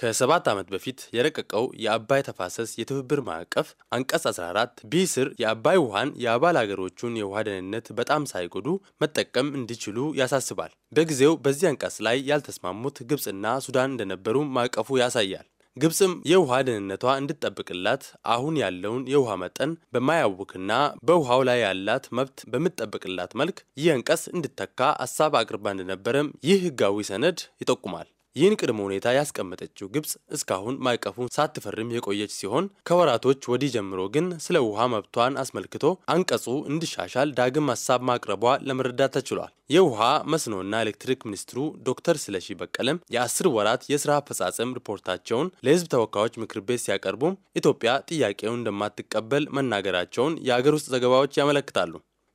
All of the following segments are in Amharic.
ከሰባት ዓመት በፊት የረቀቀው የአባይ ተፋሰስ የትብብር ማዕቀፍ አንቀጽ 14 ቢ ስር የአባይ ውሃን የአባል አገሮቹን የውሃ ደህንነት በጣም ሳይጎዱ መጠቀም እንዲችሉ ያሳስባል። በጊዜው በዚህ አንቀጽ ላይ ያልተስማሙት ግብፅና ሱዳን እንደነበሩ ማዕቀፉ ያሳያል። ግብፅም የውሃ ደህንነቷ እንድትጠብቅላት አሁን ያለውን የውሃ መጠን በማያውክና በውሃው ላይ ያላት መብት በምትጠብቅላት መልክ ይህ አንቀጽ እንዲተካ ሀሳብ አቅርባ እንደነበረም ይህ ሕጋዊ ሰነድ ይጠቁማል። ይህን ቅድመ ሁኔታ ያስቀመጠችው ግብጽ እስካሁን ማዕቀፉን ሳትፈርም የቆየች ሲሆን ከወራቶች ወዲህ ጀምሮ ግን ስለ ውሃ መብቷን አስመልክቶ አንቀጹ እንዲሻሻል ዳግም ሀሳብ ማቅረቧ ለመረዳት ተችሏል። የውሃ መስኖና ኤሌክትሪክ ሚኒስትሩ ዶክተር ስለሺ በቀለም የአስር ወራት የስራ አፈጻጸም ሪፖርታቸውን ለህዝብ ተወካዮች ምክር ቤት ሲያቀርቡም ኢትዮጵያ ጥያቄውን እንደማትቀበል መናገራቸውን የአገር ውስጥ ዘገባዎች ያመለክታሉ።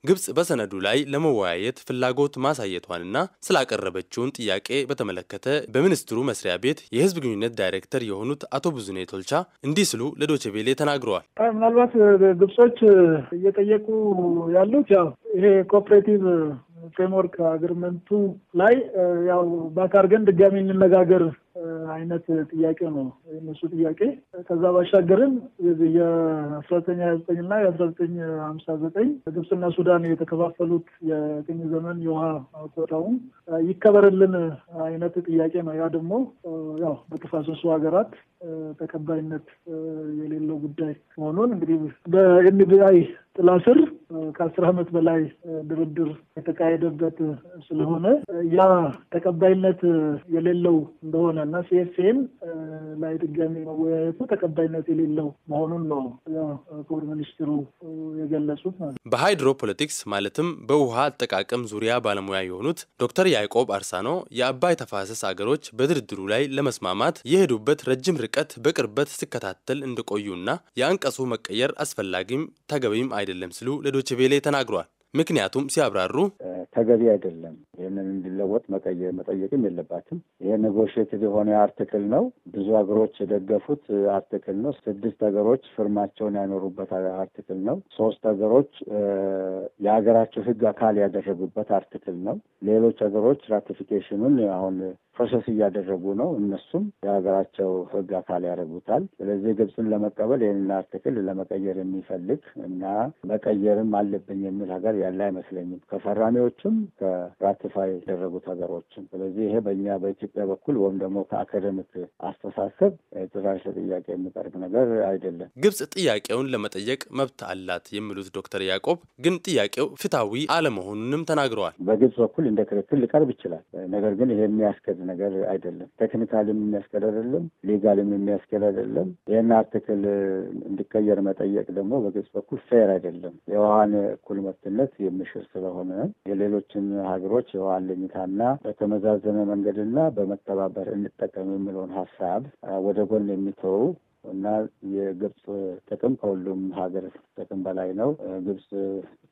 ግብጽ በሰነዱ ላይ ለመወያየት ፍላጎት ማሳየቷንና ስላቀረበችውን ጥያቄ በተመለከተ በሚኒስትሩ መስሪያ ቤት የህዝብ ግንኙነት ዳይሬክተር የሆኑት አቶ ብዙኔ ቶልቻ እንዲህ ስሉ ለዶችቬሌ ተናግረዋል። ምናልባት ግብጾች እየጠየቁ ያሉት ያው ይሄ ኮኦፕሬቲቭ ፍሬምወርክ አግሪመንቱ ላይ ያው በአካር ድጋሚ እንነጋገር አይነት ጥያቄ ነው የነሱ ጥያቄ። ከዛ ባሻገርም የአስራ ዘጠኝ ሀያ ዘጠኝ እና ሀምሳ ዘጠኝ ግብፅና ሱዳን የተከፋፈሉት የቅኝ ዘመን የውሃ ኮታውን ይከበርልን አይነት ጥያቄ ነው። ያ ደግሞ ያው በተፋሰሱ ሀገራት ተቀባይነት የሌለው ጉዳይ መሆኑን እንግዲህ በኤንቢአይ ጥላ ስር ከአስር ዓመት በላይ ድርድር የተካሄደበት ስለሆነ ያ ተቀባይነት የሌለው እንደሆነ እና ሲኤፍኤም ላይ ድጋሚ መወያየቱ ተቀባይነት የሌለው መሆኑን ነው ክቡር ሚኒስትሩ የገለጹት። ማለት በሃይድሮ ፖለቲክስ ማለትም በውሃ አጠቃቀም ዙሪያ ባለሙያ የሆኑት ዶክተር ያዕቆብ አርሳኖ የአባይ ተፋሰስ አገሮች በድርድሩ ላይ ለመስማማት የሄዱበት ረጅም ርቀት በቅርበት ሲከታተል እንደቆዩና የአንቀጹ መቀየር አስፈላጊም ተገቢም አይደለም ሲሉ ለዶችቬሌ ተናግሯል። ምክንያቱም ሲያብራሩ ተገቢ አይደለም ይህንን እንዲለወጥ መጠየቅም የለባትም። ይህ ኔጎሽትድ የሆነ አርትክል ነው። ብዙ ሀገሮች የደገፉት አርትክል ነው። ስድስት ሀገሮች ፍርማቸውን ያኖሩበት አርትክል ነው። ሶስት ሀገሮች የሀገራቸው ህግ አካል ያደረጉበት አርትክል ነው። ሌሎች ሀገሮች ራቲፊኬሽኑን አሁን ፕሮሰስ እያደረጉ ነው። እነሱም የሀገራቸው ህግ አካል ያደረጉታል። ስለዚህ ግብፅን ለመቀበል ይህንን አርትክል ለመቀየር የሚፈልግ እና መቀየርም አለብኝ የሚል ሀገር ያለ አይመስለኝም ከፈራሚዎችም ከራ ራቲፋይ ያደረጉት ሀገሮችን። ስለዚህ ይሄ በእኛ በኢትዮጵያ በኩል ወይም ደግሞ ከአካደሚክ አስተሳሰብ ጭራሽ ጥያቄ የሚቀርብ ነገር አይደለም። ግብጽ ጥያቄውን ለመጠየቅ መብት አላት የሚሉት ዶክተር ያዕቆብ ግን ጥያቄው ፍትሐዊ አለመሆኑንም ተናግረዋል። በግብጽ በኩል እንደ ክርክር ሊቀርብ ይችላል። ነገር ግን ይሄ የሚያስገድ ነገር አይደለም። ቴክኒካልም የሚያስገድ አይደለም፣ ሌጋልም የሚያስገድ አይደለም። ይህን አርቲክል እንዲቀየር መጠየቅ ደግሞ በግብጽ በኩል ፌር አይደለም። የውሃን እኩል መብትነት የሚሽር ስለሆነ የሌሎችን ሀገሮች የራሳቸው አለኝታና በተመዛዘነ መንገድና በመተባበር እንጠቀም የሚለውን ሀሳብ ወደ ጎን የሚተው እና የግብፅ ጥቅም ከሁሉም ሀገር ጥቅም በላይ ነው። ግብፅ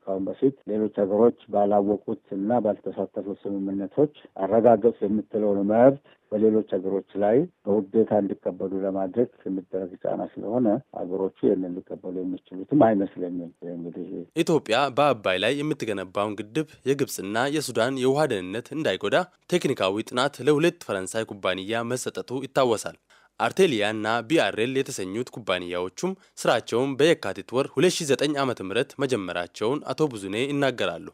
ካሁን በፊት ሌሎች ሀገሮች ባላወቁት እና ባልተሳተፉት ስምምነቶች አረጋገጽ የምትለውን መብት በሌሎች ሀገሮች ላይ በውዴታ እንዲቀበሉ ለማድረግ የሚደረግ ጫና ስለሆነ ሀገሮቹ ይህንን ሊቀበሉ የሚችሉትም አይመስለኝም። እንግዲህ ኢትዮጵያ በአባይ ላይ የምትገነባውን ግድብ የግብፅና የሱዳን የውሃ ደህንነት እንዳይጎዳ ቴክኒካዊ ጥናት ለሁለት ፈረንሳይ ኩባንያ መሰጠቱ ይታወሳል። አርቴሊያ እና ቢአርኤል የተሰኙት ኩባንያዎቹም ስራቸውን በየካቲት ወር 2009 ዓ.ም መጀመራቸውን አቶ ብዙኔ ይናገራሉ።